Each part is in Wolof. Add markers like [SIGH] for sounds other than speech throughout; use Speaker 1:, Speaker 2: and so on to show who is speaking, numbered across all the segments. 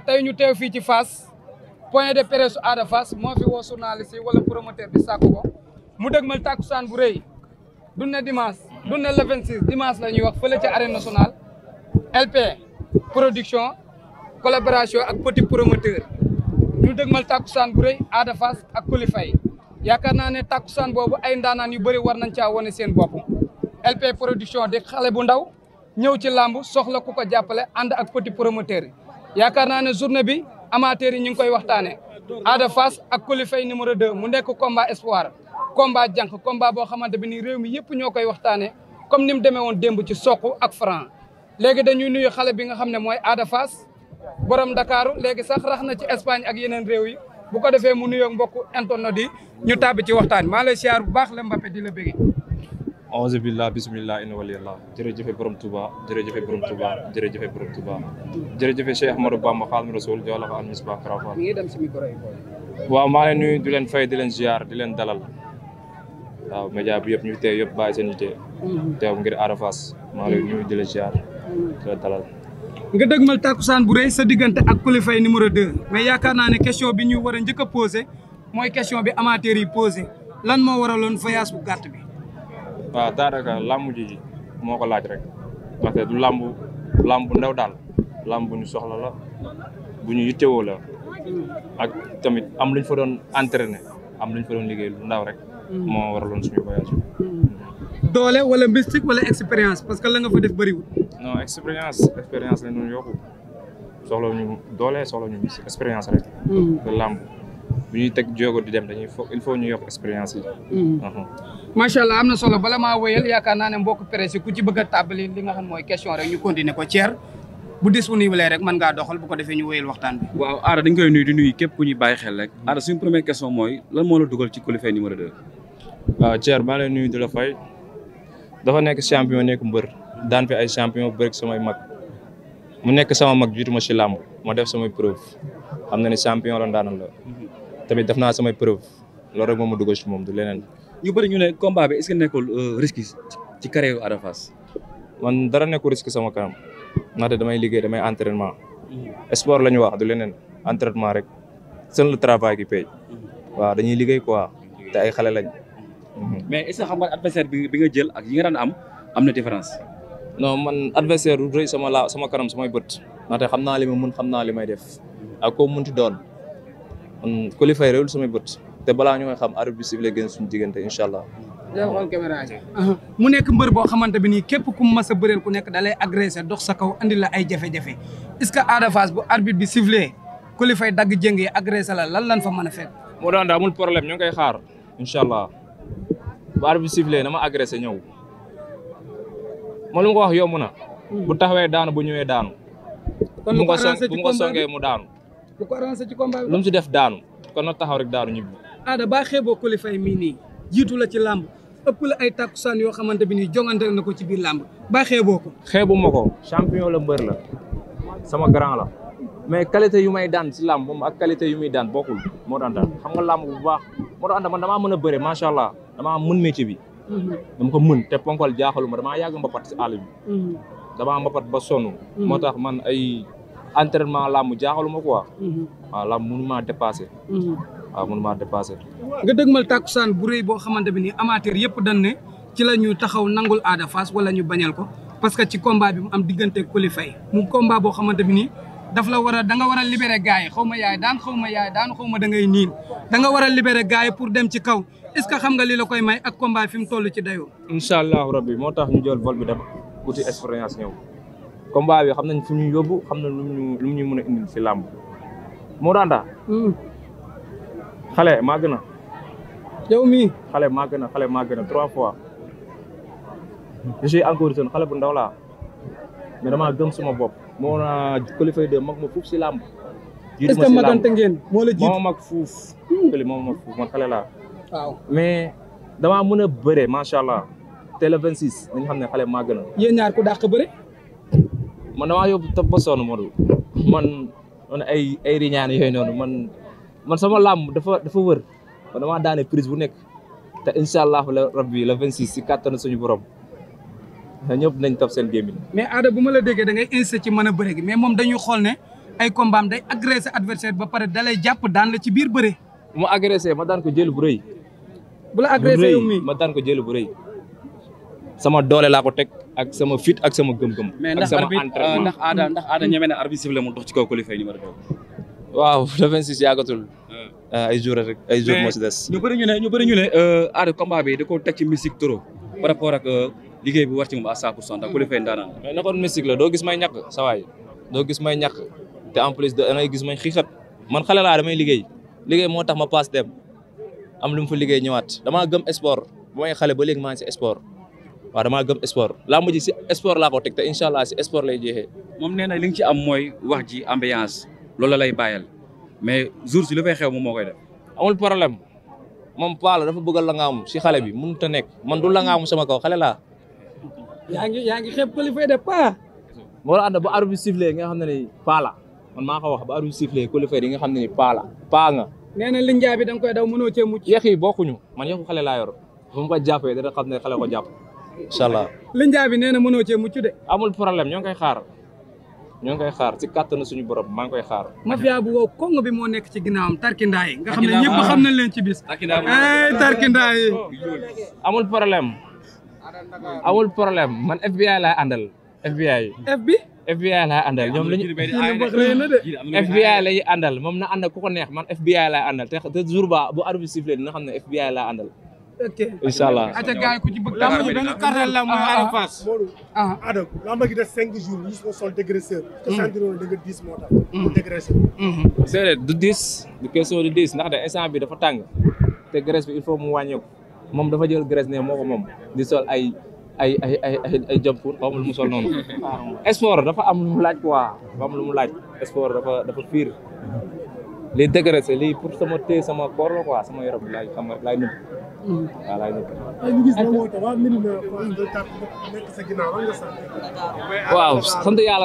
Speaker 1: tey ñu teew fii ci Fass point de presse Ada Fass moo fi woo journaliste yi wala promoteur bi sàkku ko mu dëgmal tàkkusaan bu rëy du ne dimanche du ne le 26 dimanche la ñuy wax fële ci arène nationale LP production collaboration ak petit promoteur ñu dëgmal tàkkusaan bu rëy Ada Fass ak Coly Faye yaakaar naa ne tàkkusaan boobu ay ndaanaan yu bëri war nañ caa wane seen bopp LP production di xale bu ndaw ñëw ci làmb soxla ku ko jàppale ànd ak petit promoteur yi yaakaar naa ne journée bi amateurs yi ñu ngi koy waxtaanee Ada Fass ak Coly numéro 2 mu nekk combat espoir combat jànq combat boo xamante bi ni réew mi yëpp ñoo koy waxtaanee comme ni mu demee woon démb ci soq ak franc léegi dañuy nuyu xale bi nga xam ne mooy Ada borom ndakaaru léegi sax rax na ci Espagne ak yeneen réew yi bu ko defee mu nuyoog mbokku internet yi ñu tàbbi ci waxtaan maa lay siyaar bu baax la Mbappé di la bëggee.
Speaker 2: awuzu billah bismillah inna waliyallah jërëjëfe borom Touba jërëjëfe borom Touba jërëjëfe borom Touba jërëjëfe Cheikh Ahmadou Bamba Xaadimu Rasuul jox la ko an misbaa karafa waaw maa ngi nuyu di leen fay di leen ziar di leen dalal waaw média bi yëpp ñu teew yëpp bàyyi seen yite mhm. teew ngir Ada maa ngi lay nuyu di la ziar di la dalal
Speaker 1: nga dëgmal takkusaan bu rëy sa diggante ak Coly Faye numéro 2 mais yaakaar naa ne question bi ñu war njëkk a mooy question bi amateur yi lan moo waraloon voyage bu gàtt bi
Speaker 2: waaw daanaka làmb ji moo ko laaj rek ndaxte du làmb lamb bu ndaw daal lamb bu ñu soxla la bu ñu yittewoo la ak tamit am lu ñu fa doon entraîné am lu ñu fa doon liggéey lu ndaw rek. Hmm. moo waraloon suñu voyage. Hmm.
Speaker 1: doole wala mystique wala expérience
Speaker 2: parce que la nga fa def bëriwul. non expérience expérience lañ doon yokku soxla ñu doole soxla ñu mystique expérience rek. te hmm. làmb. bu ñuy teg jéego di dem dañuy foog il ñu yokk expérience yi. Hmm. Uh-huh.
Speaker 1: macha allah am na solo bala maa wéyal yaakaar naa ne mbokk presse ku ci bëgg a tàbbali li nga xam mooy question rek ñu continuer ko Thierre bu disponible rek mën ngaa doxal bu ko defee ñu wéyal
Speaker 2: waxtaan bi. waaw Aada dañ koy nuy di nuyu képp ku ñuy bàyyi xel rek. Aada suñu première question mooy lan moo la dugal ci qualifier numéro 2. waaw Thierre maa lay nuyu di la fay dafa nekk champion nekk mbër daan ay champion bëri samay mag mu nekk sama mag jiitu ma ci làmb def samay preuve xam na ne champion la ndaanal hmm. la. tamit def naa samay preuve loolu rek moom ma dugal moom du leneen. ñu bëri ñu ne combat bi est-ce que nekkul euh, risque ci carrière yu man dara nekkul risque sama kanam ndaxte damay liggéey damay entraînement mm-hmm. sport la ñu wax du leneen entraînement rek seen le travail qui paye mm-hmm. waaw dañuy liggéey quoi te ay xale lañ. Mm-hmm. mais est-ce que xam nga adversaire bi nga jël ak yi nga daan am am na différence. non man adversaire du rëy sama la sama kanam samay bët ndaxte xam naa li ma mën xam naa li may def ak koo ti doon. qualifier réewul samay bët te balaa ñu may xam arbitre bi sifflé génn suñu diggante incha allah.
Speaker 1: mu nekk mbër boo xamante bi nii képp ku mas a bëreel ku nekk da lay agressé dox sa kaw andi la ay jafe-jafe est que Ada Fass bu arbitre bi sifflé qualifier dagg jëng yi agressé la lan lan fa mën a fekk.
Speaker 2: moo daan daa amul problème ñu ngi koy xaar incha allah bu arbitre bi sifflé na ma agressé ñëw ma lu ma ko wax yomb na. Hmm. bu taxawee daanu bu ñëwee daanu.
Speaker 1: kon bu ko songee mu daanu. du ci combat bi. si
Speaker 2: def daanu kon na taxaw rek daanu ñibbi.
Speaker 1: aada baa xeeboo kulifay mii nii jiitu la ci làmb ëpp la ay takkusaan yoo xamante bi nii jongante na ko ci biir làmb
Speaker 2: baa xeeboo ko. xeebu ma ko la mbër la sama grand la mais qualité yu may daan si làmb moom ak qualité yu muy daan bokkul moo daan daan xam nga làmb bu baax moo daan man damaa mën a bëre macha allah damaa mën métier bi. dama ko mën te ponkal jaaxalu ma damaa yàgg mbapat si àll bi. Mhm. damaa mbapat ba mhm. moo tax man ay. entraînement làmb jaaxaluma quoi. Mhm. waaw làmb mënuma dépassé. Mhm. waaw mënuma dépassé. nga dëgmal
Speaker 1: tàkkusaan bu rëy boo xamante bi nii amateur yëpp dan ne ci la ñu taxaw nangul Ada Fass wala ñu bañal ko parce que ci combat bi mu am diggante Coly Faye mu combat boo xamante bi nii daf la war a da nga war a libéré gars yi xaw ma yaay daan xaw ma yaay daan xaw ma da ngay niin danga nga war a libéré gars yi pour dem ci kaw est ce que xam nga lii la koy may ak combat fi mu toll ci dayoo.
Speaker 2: incha allahu rabbi moo tax ñu jool vol bi dem uti expérience combat bi xam nañ fu ñu yóbbu xam na lu ñu lu ñu mën a indil si làmb moo daanda hmm. xale maa gën xale maa gën a xale maa trois fois je suis encore xale bu ndaw laa mais damaa gëm suma bopp moo de mag ma si làmb est ce que ngeen moo la jiit moo mag hmm. mais damaa mën a bëre macha allah teel a vingt six nañu xam ne xale maa gën a yéen ñaar ku dàq bëre man damaa yóbbu topp ba sonn Modou man man ay ay riñaan yooyu noonu man man sama làmb dafa dafa wër man damaa daane prise bu nekk te incha allah la rabbi la 26 si kattanu suñu borom ñëpp nañ topp seen gémmiñ.
Speaker 1: mais Ada bu ma la déggee da ngay insisté ci mën a bëre gi mais moom dañuy xool ne ay combat am day agressé adversaire ba pare dalay jàpp daan la ci biir bëre. bu ma agressé ma daan ko jël bu rëy. bu la agressé yow mii
Speaker 2: ma daan ko jël bu rëy. sama doole laa ko teg. ak sama fit ak sama gëm-gëm. ak sama euh, entraînement ndax aada ndax aada ñeme na arbitre sifflé mu dox ci kaw Coly Faye numéro 2. waaw le 26 yàggatul. Euh. Euh, ay jours rek ay jours moo des. ñu bëri ñu ne ñu bëri ñu ne aada combat bi da koo teg ci musique trop par liggéey bi war ci moom à 100 pour cent ndax Coly Faye ndaanaan mais na la doo gis may ñàkk sa waay doo gis may ñàkk te en plus da ngay gis may xiixat man xale laa damay liggéey liggéey moo tax ma passe dem am lu mu fa liggéey ñëwaat damaa gëm sport bu may xale ba léegi maa ngi waaw damaa gëm sport la mujj si sport la ko teg te incha allah si sport lay jeexee. moom nee na li nga ci am mooy wax ji ambiance loolu lay bàyyal mais jour si li fay xew moom moo koy def. amul problème moom Paa la dafa bëgg la nga am si xale bi mënut ta nekk man du la nga sama kaw xale laa. yaa ngi yaa ngi xeeb Coly Faye de Paa. moo la ànd ba arbitre bi sifflé nga xam ne ni Paa la man maa ko wax ba arbitre bi sifflé Coly Faye di nga xam ne ni Paa la Paa nga. nee linjaa bi da koy daw mënoo cee mucc. yéex yi bokkuñu man yéexu xale laa yor ba mu ko xam ne xale ko jàpp. incha allah. linjaa bi nee na mënoo cee mucc de. amul problème ñoo koy xaar ñoo ngi xaar ci kàttanu suñu borom maa ngi koy xaar.
Speaker 1: mafia bu wow kong bi moo nekk ci ginnaawam tarkindaa yi. nga xam ne ñëpp ci bis.
Speaker 2: tarkindaa yi amul problème amul problème man FBI laa àndal FBI. FB. FBI laa àndal ñoom la ñu FBI lay àndal moom na àndal ku ko neex man FBI laa àndal te jour ba bu incha allah ata gaay ku ci bëgg làmb ji benn cartel la mooy Ada Fass ah,
Speaker 1: ah. ada làmb gi def cinq jours ñu ko sol dégraisseur mm. te sentiroo moo tax mm. dégraisseur
Speaker 2: mm-hmm. déedéet du diis du ndax de instant bi dafa tàng te graisse bi il faut mu wàññeeku moom dafa jël graisse ne moo ko moom di sol ay ay ay ay ay ay lu mu sol noonu [LAUGHS] sport dafa am lu mu laaj quoi dafa lu mu laaj sport dafa dafa fiir li dégraissé lii pour sama téye sama koor la sama yaram laay xam laay waaw laay dëkk.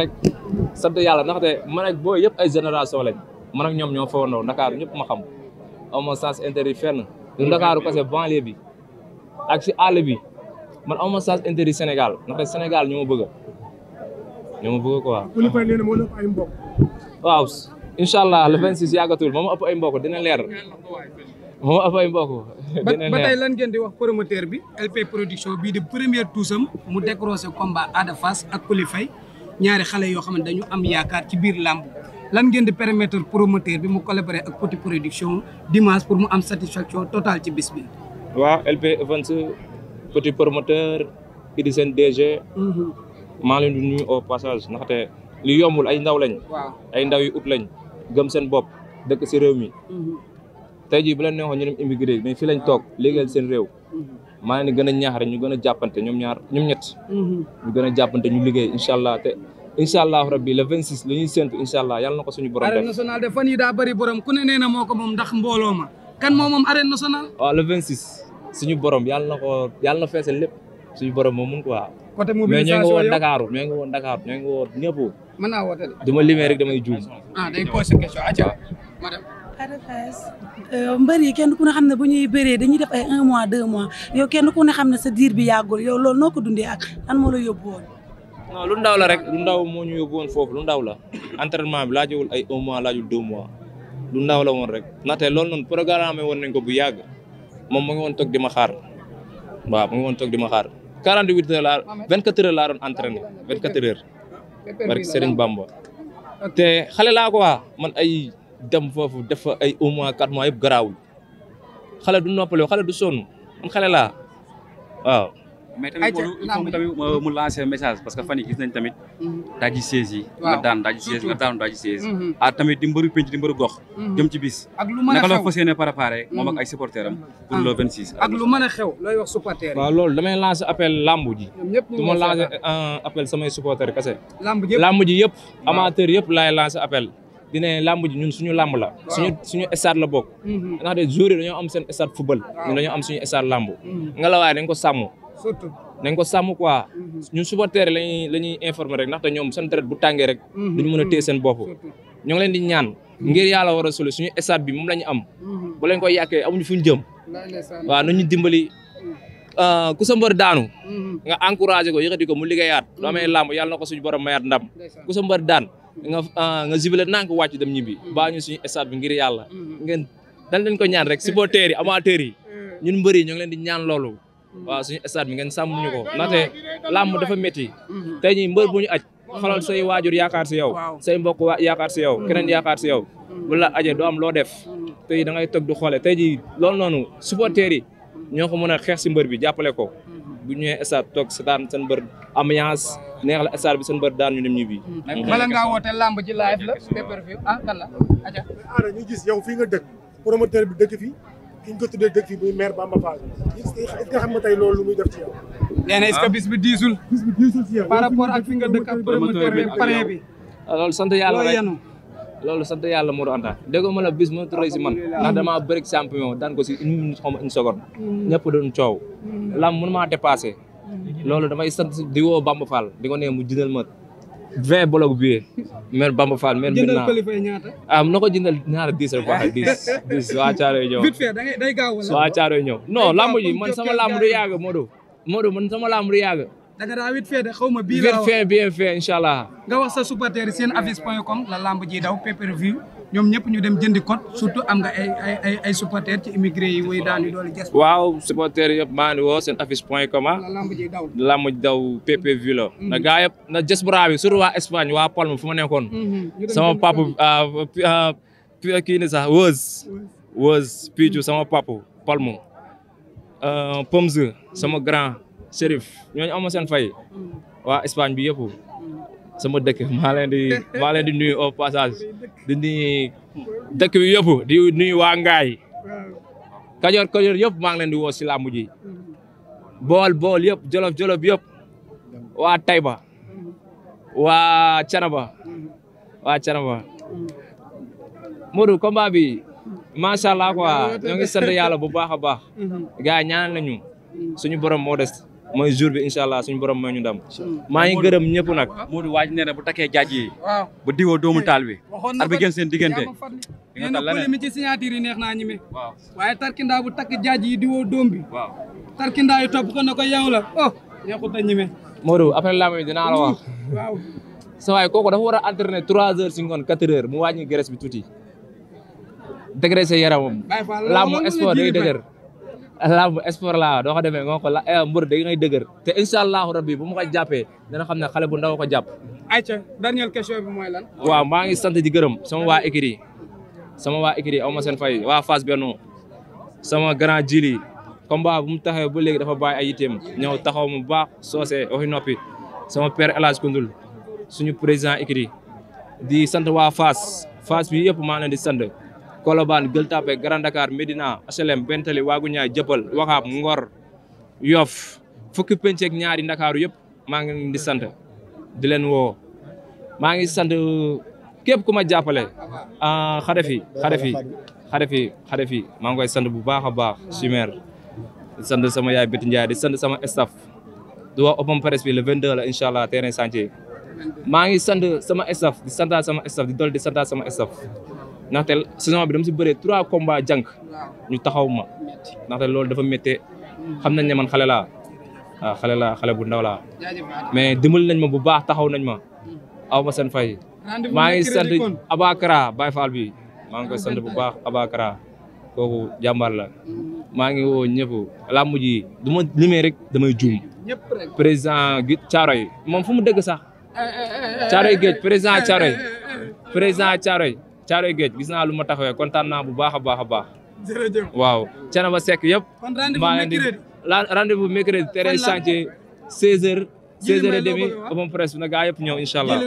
Speaker 2: rek sant yàlla ndaxte man ak booy yëpp ay génération lañ man ak ñoom ñoo fowandoo Ndakaaru ñëpp ma xam aw ma sens interdit fenn du mm-hmm. Ndakaaru kese banlieue bi ak si àll bi man aw ma sens Sénégal ndaxte Sénégal ñoo ma bëgg ñoo
Speaker 1: ma
Speaker 2: waaw incha allah le 26 yàggatul moom ëpp dina leer. moom afay mbokk ba tey
Speaker 1: lan ngeen di wax promoteur bi LP production bii di première tuusam mu décroché combat Ada fas ak Coly Faye ñaari xale yoo xam ne dañu am yaakaar ci biir làmb lan ngeen di permettre promoteur bi mu collaborer ak Petit production dimanche pour mu am satisfaction totale ci bis bi
Speaker 2: waaw LP Events Petit promoteur idi seen DG mhm. maa leen di nuyu au passage ndaxte li yombul ay ndaw lañ ay ndaw yu ut lañ gëm seen bopp dëkk si réew mi mhm. tey jii bu leen neexoon ñu dem immigré mais fii lañ toog léegal seen réew maa ngi gën a ñaax rek ñu gën a jàppante ñoom ñaar ñoom ñett ñu gën a jàppante ñu liggéey incha allah te incha allah rabbi le 26 li ñuy séntu incha allah yàlla na ko suñu borom def arène
Speaker 1: nationale de fan yi daa bëri borom ku ne nee na moo ko moom ndax mbooloo ma kan moo moom arène nationale
Speaker 2: waaw le 26 suñu borom yàlla na ko yàlla na feesal lépp suñu borom moom mun ko waaw côté mobilisation mais ñoo ngi woon Dakar ñoo ngi woon Dakar du ma limee rek
Speaker 1: damay Ada Fass euh, mbër yi kenn ku ne xam ne bu ñuy bëree dañuy def ay un mois deux mois yow kenn ku ne xam ne sa diir bi yàggul yow loolu noo ko dundee ak lan moo la yóbbu woon.
Speaker 2: non lu ndaw la rek lu ndaw moo ñu yóbbu woon foofu lu ndaw la entraînement bi laajowul ay un mois laajul deux mois lu ndaw la woon rek ndaxte loolu noonu programme woon nañ ko bu yàgg moom mu ngi woon toog di ma xaar waaw mu ngi woon toog di ma xaar 48 heures laa 24 heures laa doon entraîné 24 heures. barke Serigne Bamba te ay. dem foofu def fa ay au moins quatre mois yëpp garaawul xale du noppaloo xale du son man xale laa waaw. mais tamit mu lancé message parce que fan yii gis nañ tamit. Mhm. daa ji yi. nga daan daa ji seize nga daanu daa ji seize. Mhm. Ah, tamit di mbëru penc di mbëru gox. Mhm. jëm ci bis. ak lu mën a xew naka la fas yéene préparé. moom ak ay supporters am ah. pour le 26. ak lu mën
Speaker 1: a xew looy wax supporters waaw
Speaker 2: loolu damay lancé appel lamb ji.
Speaker 1: ñëpp ñu ngi lancé
Speaker 2: appel samay supporters kese.
Speaker 1: lamb ji yëpp lamb ji
Speaker 2: yëpp amateur yëpp laay dina làmb ji ñun suñu làmb la suñu suñu stade la bokk mhm. ndax de joueurs yi am sen stade football ñun am suñu stade mhm. nga la waaye dañ ko sàmm surtout dañ ko sàmm quoi mhm. ñun supporters lañuy la ñuy informer rek ndaxte ñoom seen bu tàngee rek duñu mën a téye seen bopp ñoo ngi leen di ñaan ngir yàlla war a soli suñu stade bi moom la am bu leen ko yàqee amuñu fu ñu jëm waaw nañu dimbali euh, ku sa mbër daanu nga encouragé ko yëkkati ko mu liggéeyaat lu amee làmb yàlla na ko suñu borom mayaat ndam ku sa nga ah, nga jubile nank wàcc dem ñibbi mm. baa ñu suñu stade bi ngir yàlla mm. ngeen dañ leen ko ñaan rek supporters yi amateurs yi mm. ñun mbër ñu leen di ñaan loolu waaw suñu stade bi ngeen sàmm ñu ko ndaxte làmb dafa métti mm-hmm. tey ñi mbër bu ñu aj xoolal say waajur yaakaar si yow say mbokk yaakaar si yow keneen yaakaar si yow bu la ajee doo am loo def tey da ngay toog du xoole tey ji loolu noonu supporters yi ñoo ko mën a xeex si mbër bi jàppale ko mm-hmm. bu ñëwee stade toog setaan seen mbër neex la star bi seen bër daan ñu dem ñibbi. bala ngaa woote
Speaker 1: lamb ji live la pay-per-view ah, gis yow fii nga dëkk promoteur bi dëkk fii ki ñu ko tuddee dëkk xam nga tey loolu lu muy
Speaker 2: na est
Speaker 1: bi diisul. bis bi diisul ci fi nga dëkk
Speaker 2: ah, loolu sant yàlla rek loolu sant yàlla Modou Anta déggoo ma la bis ma turee si man ndax damaa bëri champion daan ko si une minute xaw une seconde. ñëpp doon coow. lam mënu maa dépassé. loolu damay sant di woo Bamba Fall di ko nee mu jëndal ma vingt bloc bi mère Bamba Fall mère Mbirna ah na ko jëndal ñaar dix rek baax dix dix waa Caaroy ñëw waa Caaroy ñëw non lamb ji man sama lamb du yàgg Modou man sama lamb du yàgg da de xaw ma bii la huit fee bien fait incha allah
Speaker 1: nga wax sa supporter seen avis point com la lamb ji daw pay view ñoom ñëpp ñu dem jëndi code surtout am nga ay ay ay ay supporters ci immigré yi way daan waaw
Speaker 2: supporters yëpp maa woo seen affiche point com ah. lamb ji daw lamb ji daw PPV la mhm. na gaa yëpp na diaspora bi surtout waa Espagne waa Palma fu ma nekkoon
Speaker 1: mhm. sama
Speaker 2: papa ah, ah, kii ni sax wëz wëz piicu sama papa Palma euh, Pomze sama grand Chérif ñooñu amoo seen fay mhm. waa Espagne bi yëpp sama dëkk [LAUGHS] maa leen di [LAUGHS] maa leen di nuyu au passage di nuyu dëkk bi di nuyu waa Ngaay Kajoor Kajoor yëpp maa ngi di woo si làmb ji mm-hmm. bool bool yëpp jolof jolof yëpp mm-hmm. waa Tayba mm-hmm. waa Canaba waa Canaba Modou combat bi macha allah quoi [LAUGHS] ngi sant yàlla bu baax a baax gars yi ñaanal nañu suñu borom moo mooy jour bi incha allah suñu borom mooy ñu ndam maa ngi gërëm ñëpp nag Modou waaj nee na bu takkee jaaj yi bu diwoo doomu taal bi at bi gën seen yi
Speaker 1: neex naa ñi mi waaw waaye tarkindaa bu takk jaaj yi diwoo
Speaker 2: doom bi waaw tarkindaa yi topp ko na ko laa oh, may mm, sa waay kooku dafa war a alterner trois mu wàññi graisse bi tuuti dégraisser yaramam
Speaker 1: laa mu sport day dëgër
Speaker 2: lamb sport laa doo ko demee nga ko la eh, mbër da ngay dëgër te incha rabbi bu mu ko jàppee dana xam ne xale bu ndaw ko jàpp.
Speaker 1: ayca dernière bi mooy lan.
Speaker 2: waaw maa ngi sant di gërëm sama waa écurie sama waa écurie aw ma seen fay waa Fass Benno sama grand jili combat bu mu taxawee ba léegi dafa bàyyi ay yitteem ñëw taxaw mu baa soose waxi noppi sama per El Hadj Koundoul suñu président écurie di sant waa Fass Fass bi yëpp maa leen di sant. Colobane Gueule Tapée Grand Dakar Médina HLM Bentali Waaguñaay Jëppal Waxaab Ngor Yoff fukki penc ñaari ndakaaru yëpp maa ngi leen sant di leen woo maa ngi sant képp ku ma jàppale Xadafi ah, Xadafi Xadafi Xadafi maa ngi koy sant bu baax a baax Chimère di sant sama yaay Béti Ndiaye di sant sama staff di wax open presse bi la incha allah terrain maa ngi sant sama staff di sama staff dol di santaat sama staff ndaxte saison bi dama si bëree trois combats jànk ñu taxaw ma ndaxte loolu dafa méttee xam nañ ne man xale laa waaw xale laa xale bu ndaw laa mais dimbali nañ ma bu baax taxaw nañ ma hmm. aw ma sen fay maa ngi sant Abakara Baye Fall bi maa ngi ko sant bu baax Abakara kooku jàmbaar la hmm. maa ngi woo ñëpp làmb ji du ma limee rek damay juum président gi Thiaroye moom fu mu dëgg sax
Speaker 1: Thiaroye Géej président Thiaroye
Speaker 2: président Thiaroye Caaroy Géej gis lu ma taxawee kontaan naa bu baax a baax a baax. jërëjëf waaw Thiénaba Seck yëpp. kon rendez-vous mercredi terrain chantier 16h. 16h30 open presse na gaa yëpp ñëw incha allah.